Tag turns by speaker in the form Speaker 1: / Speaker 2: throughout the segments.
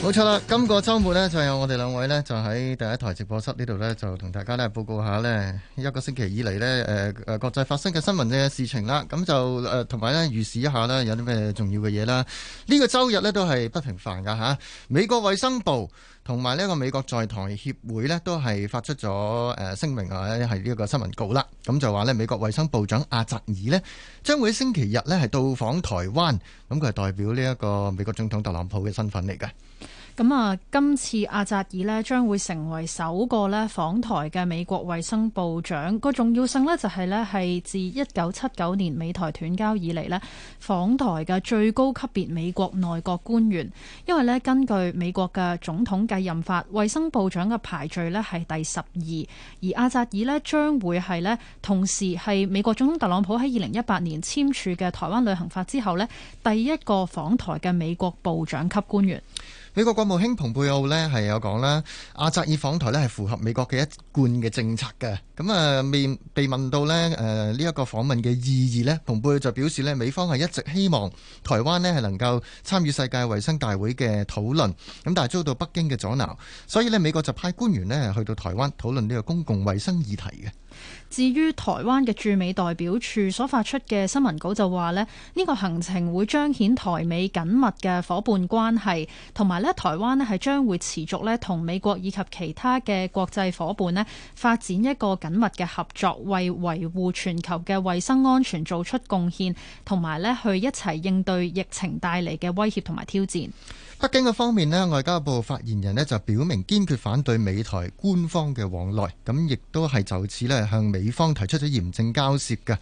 Speaker 1: 冇錯啦，今個周末呢，就有我哋兩位呢，就喺第一台直播室呢度呢，就同大家呢報告下呢一個星期以嚟呢誒誒國際發生嘅新聞嘅事情啦，咁就誒同埋呢預示一下呢，有啲咩重要嘅嘢啦。呢個周日呢，都係不平凡噶吓，美國衛生部。同埋呢一個美國在台協會咧，都係發出咗誒聲明啊，一係呢一個新聞稿啦。咁就話咧，美國衞生部長阿扎爾咧，將會喺星期日咧係到訪台灣。咁佢係代表呢一個美國總統特朗普嘅身份嚟嘅。
Speaker 2: 咁啊！今次阿扎爾呢，將會成為首個呢訪台嘅美國衛生部長。個重要性呢，就係呢，係自一九七九年美台斷交以嚟呢訪台嘅最高級別美國內閣官員，因為呢根據美國嘅總統繼任法，衛生部長嘅排序呢，係第十二，而阿扎爾呢將會係呢同時係美國總統特朗普喺二零一八年簽署嘅《台灣旅行法》之後呢第一個訪台嘅美國部長級
Speaker 1: 官員。美國國務卿蓬佩奧咧係有講啦，亞扎爾訪台咧係符合美國嘅一貫嘅政策嘅。咁啊，面被問到咧，誒呢一個訪問嘅意義咧，蓬佩奧就表示咧，美方係一直希望台灣咧係能夠參與世界衞生大會嘅討論，咁但係遭到北京嘅阻撓，所以咧美國就派官員咧去到台灣討論呢個公共衞生議題嘅。
Speaker 2: 至於台灣嘅駐美代表處所發出嘅新聞稿就話咧，呢、呢個行程會彰顯台美緊密嘅伙伴關係，同埋咧。喺台灣咧，係將會持續咧同美國以及其他嘅國際夥伴咧發展一個緊密嘅合作，為維護全球嘅衞生安全做出貢獻，同埋咧去一齊應對疫情帶嚟嘅威脅同埋挑戰。
Speaker 1: 北京嘅方面咧，外交部發言人咧就表明堅決反對美台官方嘅往來，咁亦都係就此咧向美方提出咗嚴正交涉嘅。誒、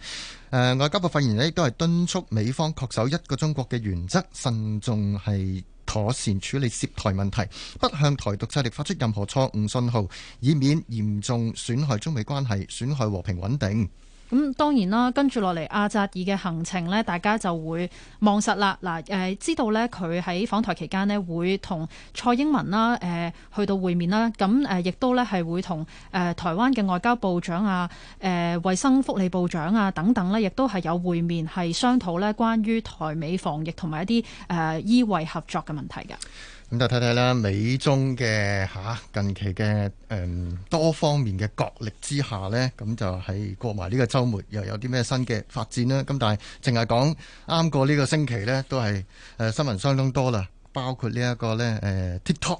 Speaker 1: 呃，外交部發言人亦都係敦促美方確守一個中國嘅原則，慎重係，妥善處理涉台問題，不向台獨勢力發出任何錯誤信號，以免嚴重損害中美關係，損害和平穩定。
Speaker 2: 咁、嗯、當然啦，跟住落嚟阿扎爾嘅行程呢，大家就會望實啦。嗱、呃，誒知道呢，佢喺訪台期間呢，會同蔡英文啦，誒、呃、去到會面啦。咁、呃、誒，亦都呢，係會同誒台灣嘅外交部長啊、誒、呃、衛生福利部長啊等等呢、啊，亦都係有會面，係商討呢關於台美防疫同埋一啲誒、呃、醫衞合作嘅問題
Speaker 1: 㗎。咁就睇睇啦，美中嘅嚇、啊、近期嘅誒、嗯、多方面嘅角力之下呢，咁就喺過埋呢個周末又有啲咩新嘅發展啦。咁但係淨係講啱過呢個星期呢，都係誒、呃、新聞相當多啦，包括呢一個呢誒、呃、TikTok。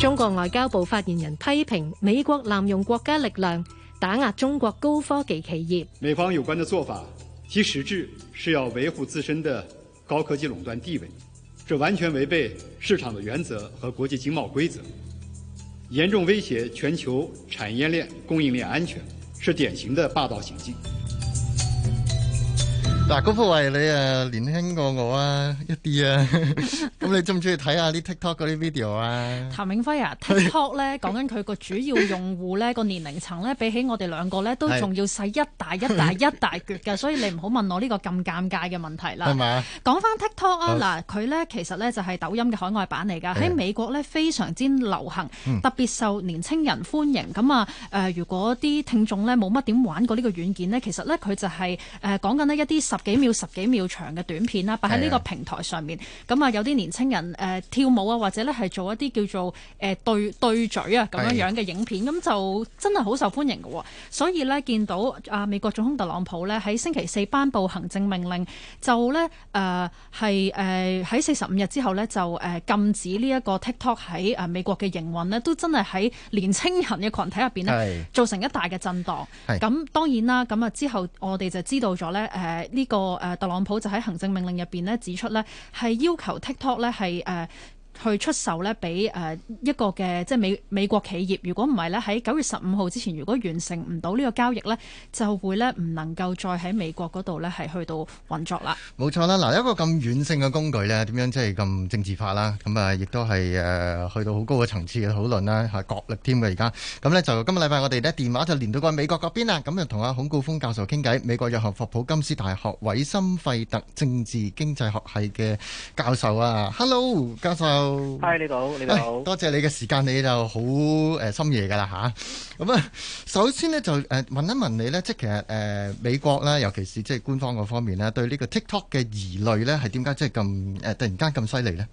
Speaker 2: 中國外交部發言人批評美國濫用國家力量打壓中國高科技企業。
Speaker 1: 美方有關的做法，其實質是要維護自身的高科技壟斷地位，這完全違背市場的原則和國際經貿規則，嚴重威脅全球產業鏈、供應鏈安全，是典型的霸道行徑。嗱，孔誥烽你啊年輕過我啊一啲啊，咁你中唔中意睇下啲 TikTok 嗰啲 video 啊？
Speaker 2: 譚永輝啊，TikTok 咧講緊佢個主要用戶咧個年齡層咧，比起我哋兩個咧都仲要細一大一大一大橛嘅，所以你唔好問我呢個咁尷尬嘅問題啦。係咪啊？講翻 TikTok 啊，嗱佢咧其實咧就係抖音嘅海外版嚟㗎，喺美國咧非常之流行，特別受年輕人歡迎。咁啊誒，如果啲聽眾咧冇乜點玩過呢個軟件咧，其實咧佢就係誒講緊呢一啲幾秒、十幾秒長嘅短片啦，擺喺呢個平台上面，咁、嗯、啊有啲年青人誒、呃、跳舞啊，或者咧係做一啲叫做誒對，對對嘴啊咁樣樣嘅影片，咁的就真係好受歡迎嘅。所以咧見到啊美國總統特朗普咧喺星期四頒布行政命令，就咧誒係誒喺四十五日之後咧就誒禁止呢一個 TikTok、ok、喺啊美國嘅營運咧，都真係喺年青人嘅群體入邊呢，的造成一大嘅震盪。咁是 當然啦，咁啊之後我哋就知道咗咧誒呢。啊這個個誒，特朗普就喺行政命令入邊咧指出咧，係要求 TikTok 咧係誒。Uh, 去出售呢，俾誒一個嘅即係美美國企業。如果唔係呢喺九月十五號之前，如果完成唔到呢個交易呢就會呢唔能夠再喺美國嗰度呢係去到運作啦。
Speaker 1: 冇錯啦，嗱一個咁軟性嘅工具呢，點樣即係咁政治化啦？咁啊，亦都係誒、呃、去到好高嘅層次嘅討論啦，係角力添嘅而家。咁呢，就今個禮拜我哋呢電話就連到個美國嗰邊啊，咁就同阿孔誥烽教授傾偈。美國約翰霍普金斯大學韋森費特政治經濟學系嘅教授啊，Hello，教授。嗨，你好，你好，多謝你嘅時間，你就好誒深夜噶啦吓。咁啊，首先咧就誒問一問你咧，即係其實誒美國咧，尤其是即係官方嗰方面咧，對呢個 TikTok 嘅疑慮咧，係點解即係咁誒突然間咁犀利咧？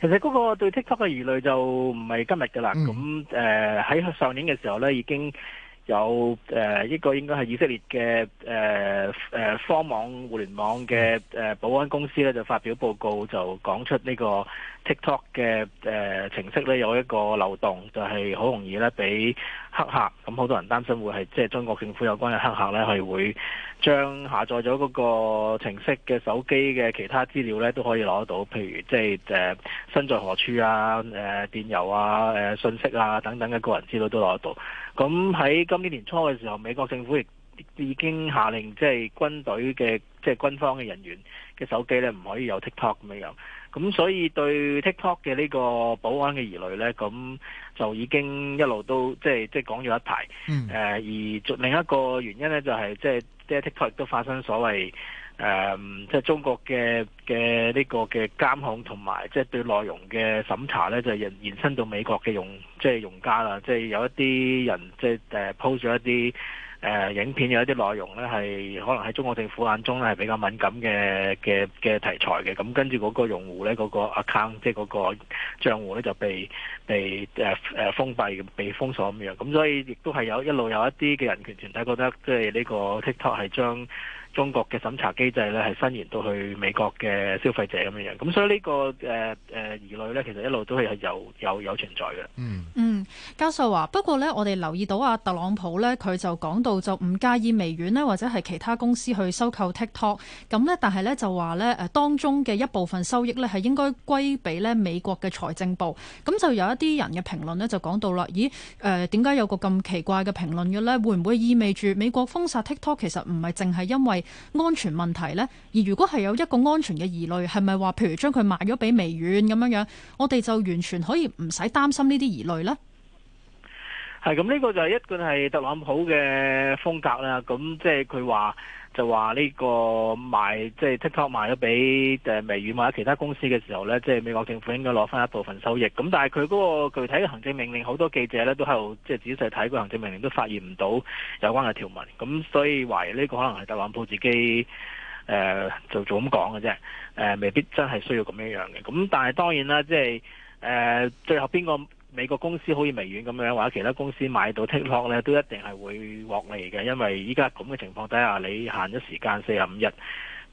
Speaker 3: 其實嗰個對 TikTok 嘅疑慮就唔係今日噶啦。咁誒喺上年嘅時候咧，已經有誒一個應該係以色列嘅誒誒科網互聯網嘅誒保安公司咧，就發表報告就講出呢個。TikTok 嘅誒程式咧，有一個漏洞，就係好容易咧俾黑客咁，好多人擔心會係即係中國政府有關嘅黑客咧係會將下載咗嗰個程式嘅手機嘅其他資料咧都可以攞得到，譬如即係誒身在何處啊、誒電郵啊、誒信息啊等等嘅個人資料都攞得到。咁喺今年年初嘅時候，美國政府亦已經下令即係軍隊嘅即係軍方嘅人員嘅手機咧唔可以有 TikTok 咁嘅樣。咁所以對 TikTok 嘅呢個保安嘅疑慮呢，咁就已經一路都即係即係講咗一排。誒、嗯、而另一個原因呢、就係，就係即係即係 TikTok 都發生所謂誒、嗯、即係中國嘅嘅呢個嘅監控同埋即係對內容嘅審查呢，就延延伸到美國嘅用即係用家啦。即係有一啲人即係誒 post 咗一啲。誒影片有一啲內容咧，係可能喺中國政府眼中咧係比較敏感嘅嘅嘅題材嘅，咁跟住嗰個用戶咧，嗰個 account 即係嗰個賬戶咧就被被誒誒封閉，被封鎖咁樣。咁所以亦都係有一路有一啲嘅人權團體覺得，即係呢個 TikTok 係將中國嘅審查機制咧係伸延到去美國嘅消費者咁樣。咁所以呢個誒誒疑慮咧，其實一路都係係有有有存在嘅。嗯。
Speaker 2: 教授話、啊、不過呢，我哋留意到啊，特朗普呢，佢就講到就唔介意微軟呢，或者係其他公司去收購 TikTok 咁呢，但係呢，就話呢，誒當中嘅一部分收益呢，係應該歸俾呢美國嘅財政部。咁就有一啲人嘅評論呢，就講到啦，咦，誒，點解有個咁奇怪嘅評論嘅呢？會唔會意味住美國封殺 TikTok 其實唔係淨係因為安全問題呢。而如果係有一個安全嘅疑慮，係咪話譬如將佢賣咗俾微軟咁樣樣，我哋就完全可以唔使擔心呢啲疑慮呢？
Speaker 3: 係咁，呢、嗯這個就係一個係特朗普嘅風格啦。咁、嗯、即係佢話就話呢個賣即係 TikTok 賣咗俾誒微軟或者其他公司嘅時候呢，即係美國政府應該攞翻一部分收益。咁、嗯、但係佢嗰個具體嘅行政命令，好多記者呢都喺度即係仔細睇個行政命令，都發現唔到有關嘅條文。咁、嗯、所以懷疑呢個可能係特朗普自己誒、呃、就做咁講嘅啫。誒、呃、未必真係需要咁樣樣嘅。咁、嗯、但係當然啦，即係誒、呃、最後邊個？美國公司好似微軟咁樣，或者其他公司買到 TikTok 咧，都一定係會獲利嘅，因為依家咁嘅情況底下，你限咗時間四十五日，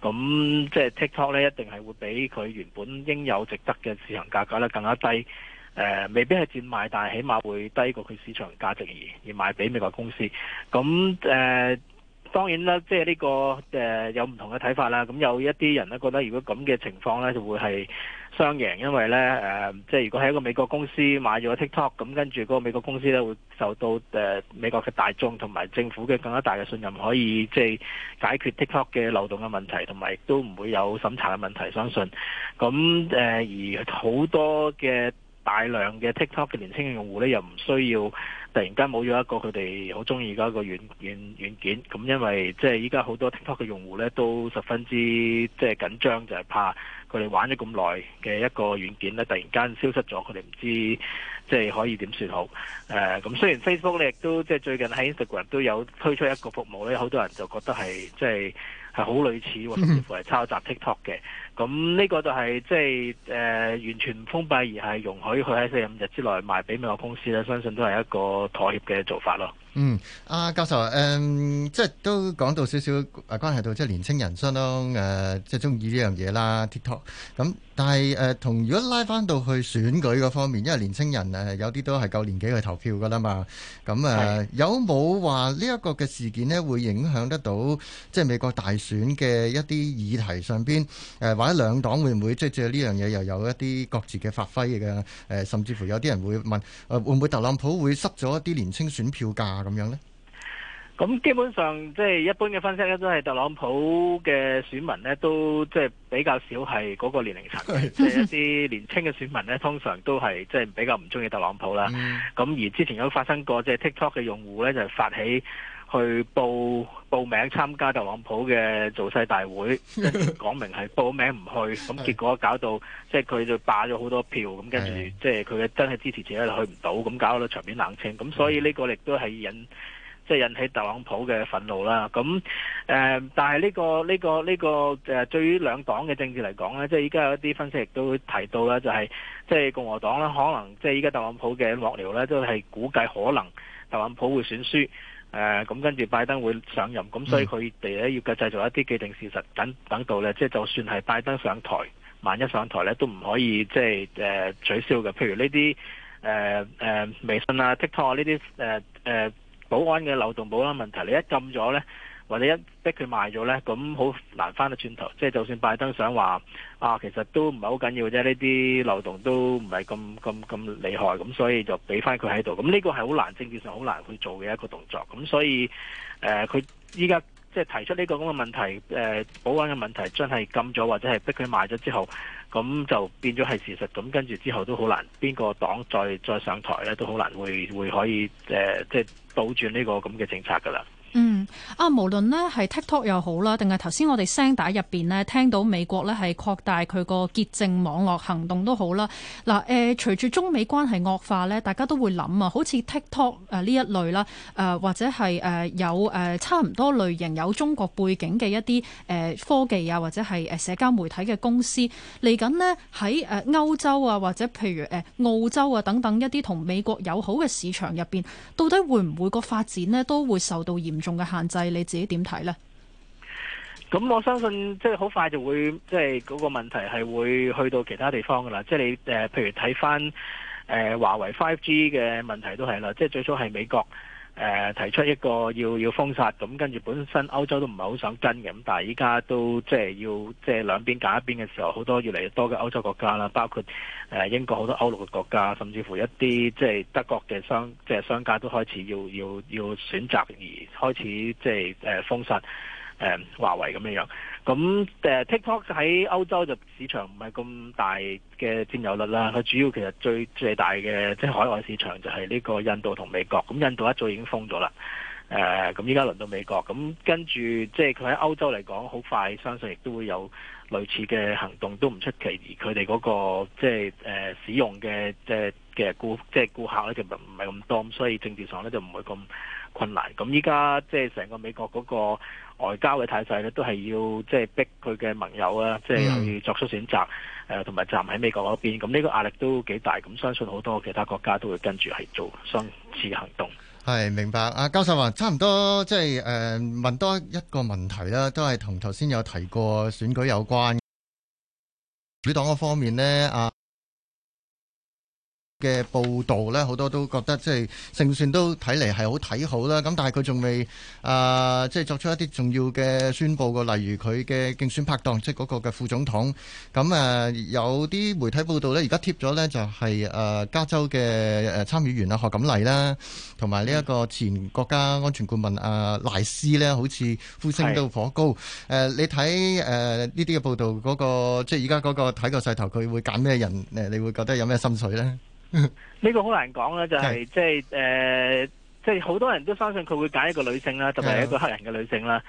Speaker 3: 咁即係 TikTok 咧，一定係會比佢原本應有值得嘅市場價格咧更加低。誒、呃，未必係賤賣，但係起碼會低過佢市場價值而而賣俾美國公司。咁誒、呃，當然啦，即係呢、這個誒、呃、有唔同嘅睇法啦。咁有一啲人咧覺得，如果咁嘅情況咧，就會係，雙贏，因為咧誒，即係如果喺一個美國公司買咗 TikTok，咁跟住嗰個美國公司咧會受到誒美國嘅大眾同埋政府嘅更加大嘅信任，可以即係、就是、解決 TikTok 嘅漏洞嘅問題，同埋亦都唔會有審查嘅問題。相信咁誒，而好多嘅大量嘅 TikTok 嘅年輕嘅用戶咧，又唔需要突然間冇咗一個佢哋好中意嘅一個軟軟軟件。咁因為即係依家好多 TikTok 嘅用戶咧都十分之即係、就是、緊張，就係、是、怕。佢哋玩咗咁耐嘅一個軟件咧，突然間消失咗，佢哋唔知即係可以點算好？誒、呃，咁雖然 Facebook 咧亦都即係最近喺 Instagram 都有推出一個服務咧，好多人就覺得係即係係好類似甚至乎係抄襲 TikTok 嘅。咁、嗯、呢個就係、是、即係誒、呃、完全封閉而係容許佢喺四十五日之內賣俾美國公司咧，相信都係一個妥協嘅做法咯。
Speaker 1: 嗯，阿、啊、教授，誒、嗯，即係都講到少少到，誒，關係到即係年青人相當誒、呃，即係中意呢樣嘢啦，TikTok 咁、嗯、但係誒，同、呃、如果拉翻到去選舉嗰方面，因為年青人誒、呃、有啲都係夠年紀去投票噶啦嘛。咁、嗯、誒，呃、是的 有冇話呢一個嘅事件咧，會影響得到即係美國大選嘅一啲議題上邊？誒、呃，或者兩黨會唔會即係借呢樣嘢又有一啲各自嘅發揮嘅？誒、呃，甚至乎有啲人會問，誒、呃，會唔會特朗普會失咗一啲年輕選票價？咁樣咧，
Speaker 3: 咁基本上即係、就是、一般嘅分析咧，都係特朗普嘅選民咧，都即係比較少係嗰個年齡層，即係 一啲年青嘅選民咧，通常都係即係比較唔中意特朗普啦。咁、嗯、而之前有發生過，即、就、係、是、TikTok 嘅用戶咧，就是、發起。去報報名參加特朗普嘅造勢大會，講 明係報名唔去，咁結果搞到 即係佢就霸咗好多票，咁跟住即係佢嘅真係支持者去唔到，咁搞到場面冷清，咁所以呢個亦都係引 即係引起特朗普嘅憤怒啦。咁誒、呃，但係呢、呢個呢、呢個呢、呢個誒，對、呢個呃、於兩黨嘅政治嚟講咧，即係依家有一啲分析亦都提到咧，就係、係就係、即係共和黨咧，可能即係依家特朗普嘅幕僚咧都係估計可能特朗普會選輸。誒咁、啊、跟住拜登會上任，咁所以佢哋咧要嘅製造一啲既定事實等等到咧，即係就算係拜登上台，萬一上台咧都唔可以即係誒、呃、取消嘅。譬如呢啲誒誒微信啊、TikTok 啊呢啲誒誒保安嘅漏洞，保安問題，你一禁咗咧。或者一逼佢賣咗呢，咁好難返得轉頭。即係就算拜登想話啊，其實都唔係好緊要啫，呢啲漏洞都唔係咁咁咁厲害，咁所以就俾返佢喺度。咁呢個係好難政治上好難去做嘅一個動作。咁所以佢依家即係提出呢個咁嘅問題，誒、呃、保安嘅問題真係禁咗，或者係逼佢賣咗之後，咁就變咗係事實。咁跟住之後都好難，邊個黨再再上台呢，都好難會會可以即係、呃就是、倒轉呢個咁嘅政策噶啦。
Speaker 2: 嗯，啊，無論呢係 TikTok 又好啦，定係頭先我哋聲帶入邊呢，聽到美國呢係擴大佢個潔淨網絡行動都好啦。嗱、啊，誒、呃，隨住中美關係惡化呢，大家都會諗啊，好似 TikTok 誒呢一類啦，誒或者係誒、啊、有誒、啊、差唔多類型有中國背景嘅一啲誒、啊、科技啊，或者係誒、啊、社交媒體嘅公司嚟緊呢，喺誒歐洲啊，或者譬如誒、啊、澳洲啊等等一啲同美國友好嘅市場入邊，到底會唔會個發展呢？都會受到嚴重嘅限制，你自己點睇呢？
Speaker 3: 咁我相信即係好快就會，即係嗰個問題係會去到其他地方噶啦。即係你誒譬如睇翻誒華為 Five G 嘅問題都係啦。即係最初係美國。誒、呃、提出一個要要封殺，咁跟住本身歐洲都唔係好想跟嘅，咁但係依家都即係要即係兩邊揀一邊嘅時候，好多越嚟越多嘅歐洲國家啦，包括誒、呃、英國好多歐陸嘅國家，甚至乎一啲即係德國嘅商即係商家都開始要要要選擇而開始即係誒、呃、封殺。誒、嗯、華為咁樣樣，咁誒、呃、TikTok 喺歐洲就市場唔係咁大嘅佔有率啦。佢主要其實最最大嘅即係海外市場就係呢個印度同美國。咁、嗯、印度一早已經封咗啦，誒咁依家輪到美國。咁跟住即係佢喺歐洲嚟講，好快相信亦都會有類似嘅行動都唔出奇。而佢哋嗰個即係誒使用嘅即係嘅顧即係、就是、顧客咧就唔係咁多，所以政治上咧就唔會咁困難，咁依家即係成個美國嗰個外交嘅態勢咧，都係要即係逼佢嘅盟友啊，即係去作出選擇，誒同埋站喺美國嗰邊。咁呢個壓力都幾大，咁相信好多其他國家都會跟住係做相似行動。
Speaker 1: 係明白。阿、啊、教授話，啊、差唔多即係誒問多一個問題啦，都係同頭先有提過選舉有關主黨嗰方面呢。阿、啊。嘅報道呢，好多都覺得即係勝算都睇嚟係好睇好啦。咁但係佢仲未啊，即係作出一啲重要嘅宣布個，例如佢嘅競選拍檔，即係嗰個嘅副總統。咁啊、呃，有啲媒體報道呢，而家貼咗呢，就係、是、誒、呃、加州嘅誒參議員啊賀錦麗啦，同埋呢一個前國家安全顧問、嗯、啊賴斯呢，好似呼聲都頗高。誒是、呃，你睇誒呢啲嘅報道，嗰、那個即係而家嗰個睇個勢頭，佢會揀咩人？誒，你會覺得有咩心水呢？
Speaker 3: 呢 個好難講啦，就係即係誒，即係好多人都相信佢會揀一個女性啦，特別係一個黑人嘅女性啦。誒、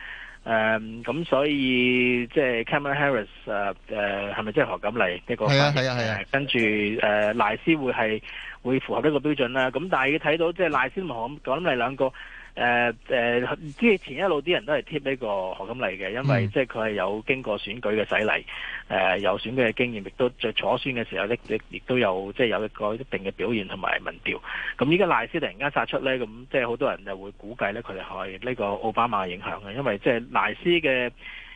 Speaker 3: 呃，咁所以即係 Kamala Harris，誒、呃、誒，係咪即係何錦麗呢個係啊係啊係啊，啊啊啊跟住誒賴斯會係會符合呢個標準啦。咁但係要睇到即係賴斯同何錦麗兩個。誒誒，即、uh, 前一路啲人都係貼呢個賀錦麗嘅，因為即係佢係有經過選舉嘅洗禮，mm. 呃、有選舉嘅經驗，亦都在初選嘅時候，亦亦都有即係、就是、有一個一定嘅表現同埋民調。咁依家賴斯突然間殺出呢，咁即係好多人就會估計呢，佢哋係呢個奧巴馬影響嘅，因為即係賴斯嘅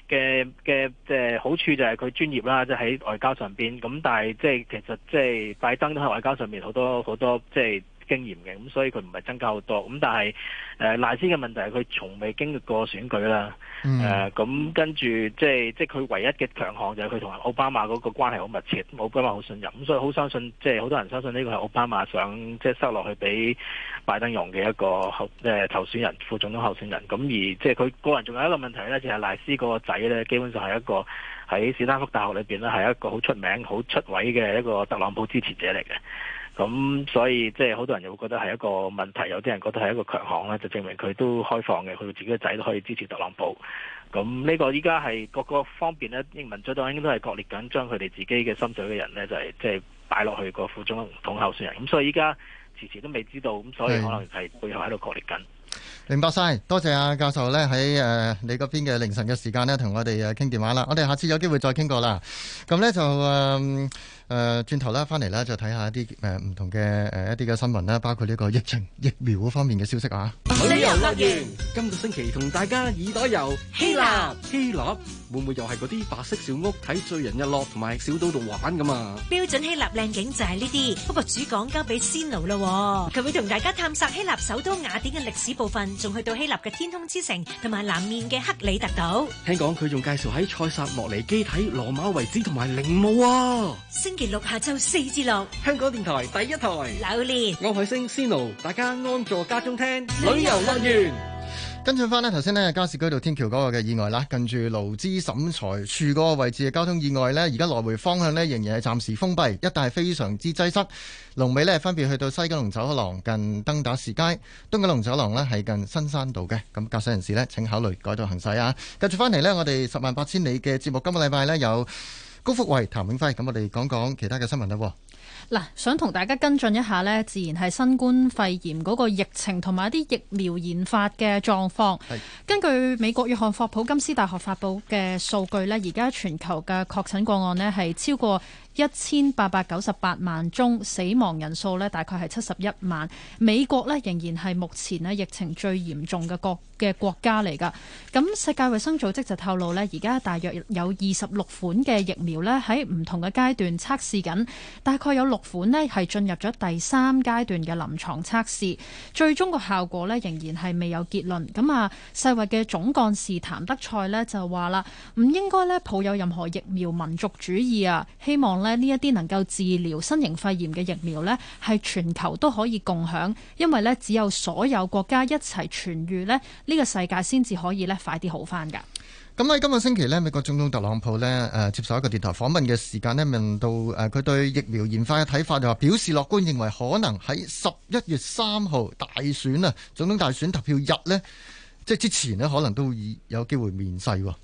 Speaker 3: 嘅嘅即係好處就係佢專業啦，即係喺外交上邊。咁但係即係其實即係拜登都喺外交上面好多好多，多即係。經驗嘅，咁所以佢唔係增加好多。咁但係，誒賴斯嘅問題係佢從未經歷過選舉啦。誒、嗯，咁、啊、跟住即係即係佢唯一嘅強項就係佢同奧巴馬嗰個關係好密切，奧巴馬好信任。咁所以好相信，即係好多人相信呢個係奧巴馬想即係塞落去俾拜登用嘅一個候，誒候選人、副總統候選人。咁而即係佢個人仲有一個問題咧，就係、是、賴斯嗰個仔咧，基本上係一個喺史丹福大學裏邊咧係一個好出名、好出位嘅一個特朗普支持者嚟嘅。咁所以即係好多人又會覺得係一個問題，有啲人覺得係一個強項啦，就證明佢都開放嘅，佢自己嘅仔都可以支持特朗普。咁呢個依家係各個方面咧，英文最黨應該都係割裂緊，將佢哋自己嘅心水嘅人咧，就係即係擺落去個副總統候選人。咁所以依家遲遲都未知道，咁所以可能係背後喺度割裂緊。
Speaker 1: 明白晒，多謝阿教授咧喺誒你嗰邊嘅凌晨嘅時間咧，同我哋誒傾電話啦。我哋下次有機會再傾過啦。咁咧就誒。嗯誒，轉頭啦，翻嚟啦，就睇下一啲誒唔同嘅誒一啲嘅新聞啦，包括呢個疫情疫苗嗰方面嘅消息啊。
Speaker 3: 旅遊樂園今個星期同大家耳朵遊希臘，希臘會唔會又係嗰啲白色小屋睇醉人日落同埋小島度玩噶嘛？
Speaker 4: 標準希臘靚景就係呢啲，不過主講交俾仙奴啦，佢會同大家探索希臘首都雅典嘅歷史部分，仲去到希臘嘅天空之城同埋南面嘅克里特島。
Speaker 3: 聽講佢仲介紹喺塞薩莫尼基睇羅馬遺址同埋陵墓啊。星期六下晝四至六，香港電台第一台，劉念，我係聲 Sirno，大家安坐家中聽。旅遊樂
Speaker 1: 園跟住翻咧，頭先咧加士居道天橋嗰個嘅意外啦，近住勞資審裁處嗰個位置嘅交通意外咧，而家來回方向咧仍然係暫時封閉，一帶非常之擠塞。龍尾咧分別去到西九龍走廊近登打士街，東九龍走廊咧係近新山道嘅，咁駕駛人士咧請考慮改道行駛啊。跟住翻嚟咧，我哋十萬八千里嘅節目，今個禮拜咧有。高福慧、譚永輝，咁我哋講講其他嘅新聞啦。
Speaker 2: 嗱，想同大家跟進一下呢，自然係新冠肺炎嗰個疫情同埋一啲疫苗研發嘅狀況。是根據美國約翰霍普金斯大學發佈嘅數據呢，而家全球嘅確診個案呢，係超過一千八百九十八萬宗，死亡人數呢大概係七十一萬。美國呢，仍然係目前咧疫情最嚴重嘅國嘅國家嚟㗎，咁世界衛生組織就透露呢，而家大約有二十六款嘅疫苗呢喺唔同嘅階段測試緊，大概有六款呢係進入咗第三階段嘅臨床測試，最終個效果呢仍然係未有結論。咁啊，世衞嘅總幹事譚德塞呢就話啦，唔應該呢抱有任何疫苗民族主義啊，希望呢呢一啲能夠治療新型肺炎嘅疫苗呢，係全球都可以共享，因為呢只有所有國家一齊痊愈呢。呢個世界先至可以咧快啲好翻㗎。
Speaker 1: 咁喺今個星期咧，美國總統特朗普咧誒接受一個電台訪問嘅時間咧，問到誒佢對疫苗研發嘅睇法，就話表示樂觀，認為可能喺十一月三號大選啊，總統大選投票日咧，即係之前咧，可能都會有機會面世喎。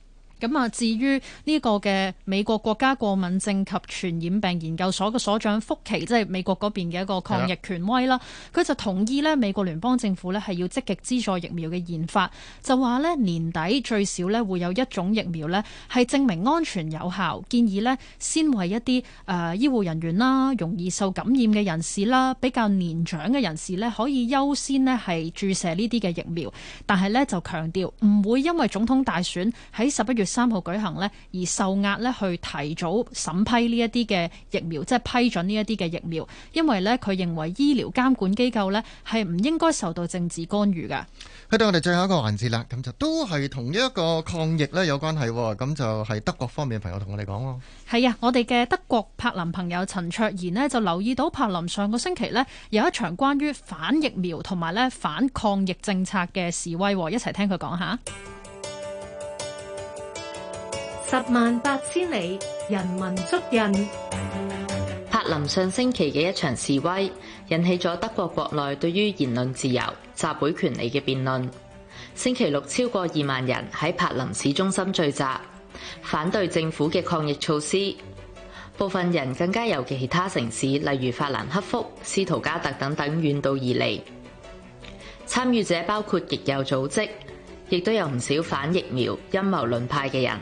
Speaker 2: 咁啊，至於呢個嘅美國國家過敏症及傳染病研究所嘅所長福奇，即、就、係、是、美國嗰邊嘅一個抗疫權威啦，佢 Yeah. 就同意呢美國聯邦政府呢係要積極資助疫苗嘅研發，就話呢，年底最少呢會有一種疫苗呢係證明安全有效，建議呢先為一啲誒、呃、醫護人員啦、容易受感染嘅人士啦、比較年長嘅人士呢可以優先呢係注射呢啲嘅疫苗，但係呢，就強調唔會因為總統大選喺十一月三號舉行呢而受壓呢去提早審批呢一啲嘅疫苗，即係批准呢一啲嘅疫苗，因為呢，佢認為醫療監管機構呢係唔應該受到政治干預嘅。
Speaker 1: 去到我哋最後一個環節啦，咁就都係同呢一個抗疫呢有關係，咁就係德國方面嘅朋友同我哋講咯。
Speaker 2: 係啊，我哋嘅德國柏林朋友陳卓妍呢，就留意到柏林上個星期呢有一場關於反疫苗同埋咧反抗疫政策嘅示威，一齊聽佢講下。十萬八千里，人
Speaker 4: 文足印。柏林上星期嘅一場示威，引起咗德國國內對於言論自由、集會權利嘅辯論。星期六，超過二萬人喺柏林市中心聚集，反對政府嘅抗疫措施。部分人更加由其他城市，例如法蘭克福、斯圖加特等等遠道而嚟。參與者包括極右組織，亦都有唔少反疫苗陰謀論派嘅人。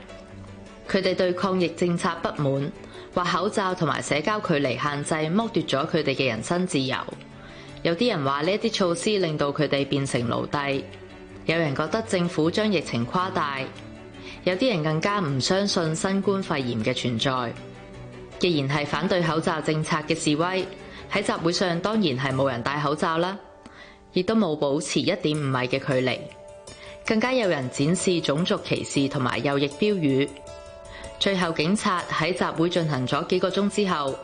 Speaker 4: 佢哋對抗疫政策不滿，話口罩同埋社交距離限制剝奪咗佢哋嘅人身自由。有啲人話呢啲措施令到佢哋變成奴隸。有人覺得政府將疫情誇大，有啲人更加唔相信新冠肺炎嘅存在。既然係反對口罩政策嘅示威，喺集會上，當然係冇人戴口罩啦，亦都冇保持一點五米嘅距離。更加有人展示種族歧視同埋右翼標語。最後，警察喺集會進行咗幾個鐘之後，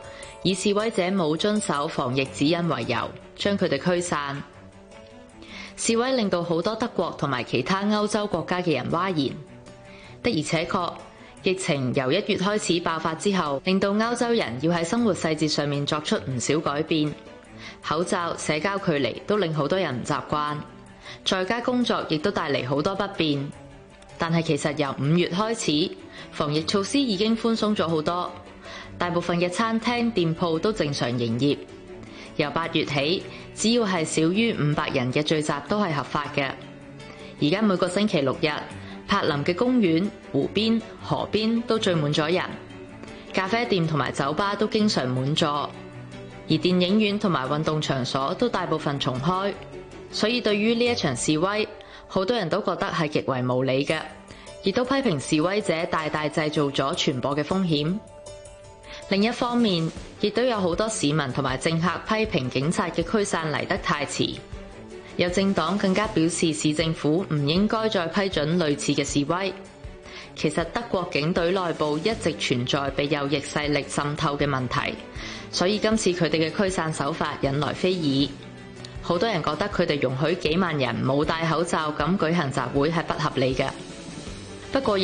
Speaker 4: 以示威者冇遵守防疫指引為由，將佢哋驅散。示威令到好多德國同埋其他歐洲國家嘅人譁然，的而且確，疫情由一月開始爆發之後，令到歐洲人要喺生活細節上面作出唔少改變，口罩、社交距離都令好多人唔習慣，在家工作亦都帶嚟好多不便。但係其實由五月開始，防疫措施已經寬鬆咗好多，大部分嘅餐廳、店鋪都正常營業。由八月起，只要係少於五百人嘅聚集都係合法嘅。而家每個星期六日，柏林嘅公園、湖邊、河邊都聚滿咗人，咖啡店同埋酒吧都經常滿座，而電影院同埋運動場所都大部分重開。所以對於呢一場示威，好多人都覺得係極為無理嘅，亦都批評示威者大大製造咗傳播嘅風險。另一方面，亦都有好多市民同埋政客批評警察嘅驅散嚟得太遲。有政黨更加表示，市政府唔應該再批准類似嘅示威。其實德國警隊內部一直存在被右翼勢力滲透嘅問題，所以今次佢哋嘅驅散手法引來非議。好多人覺得佢哋容許幾萬人冇戴口罩噉舉行集會係不合理嘅。不過，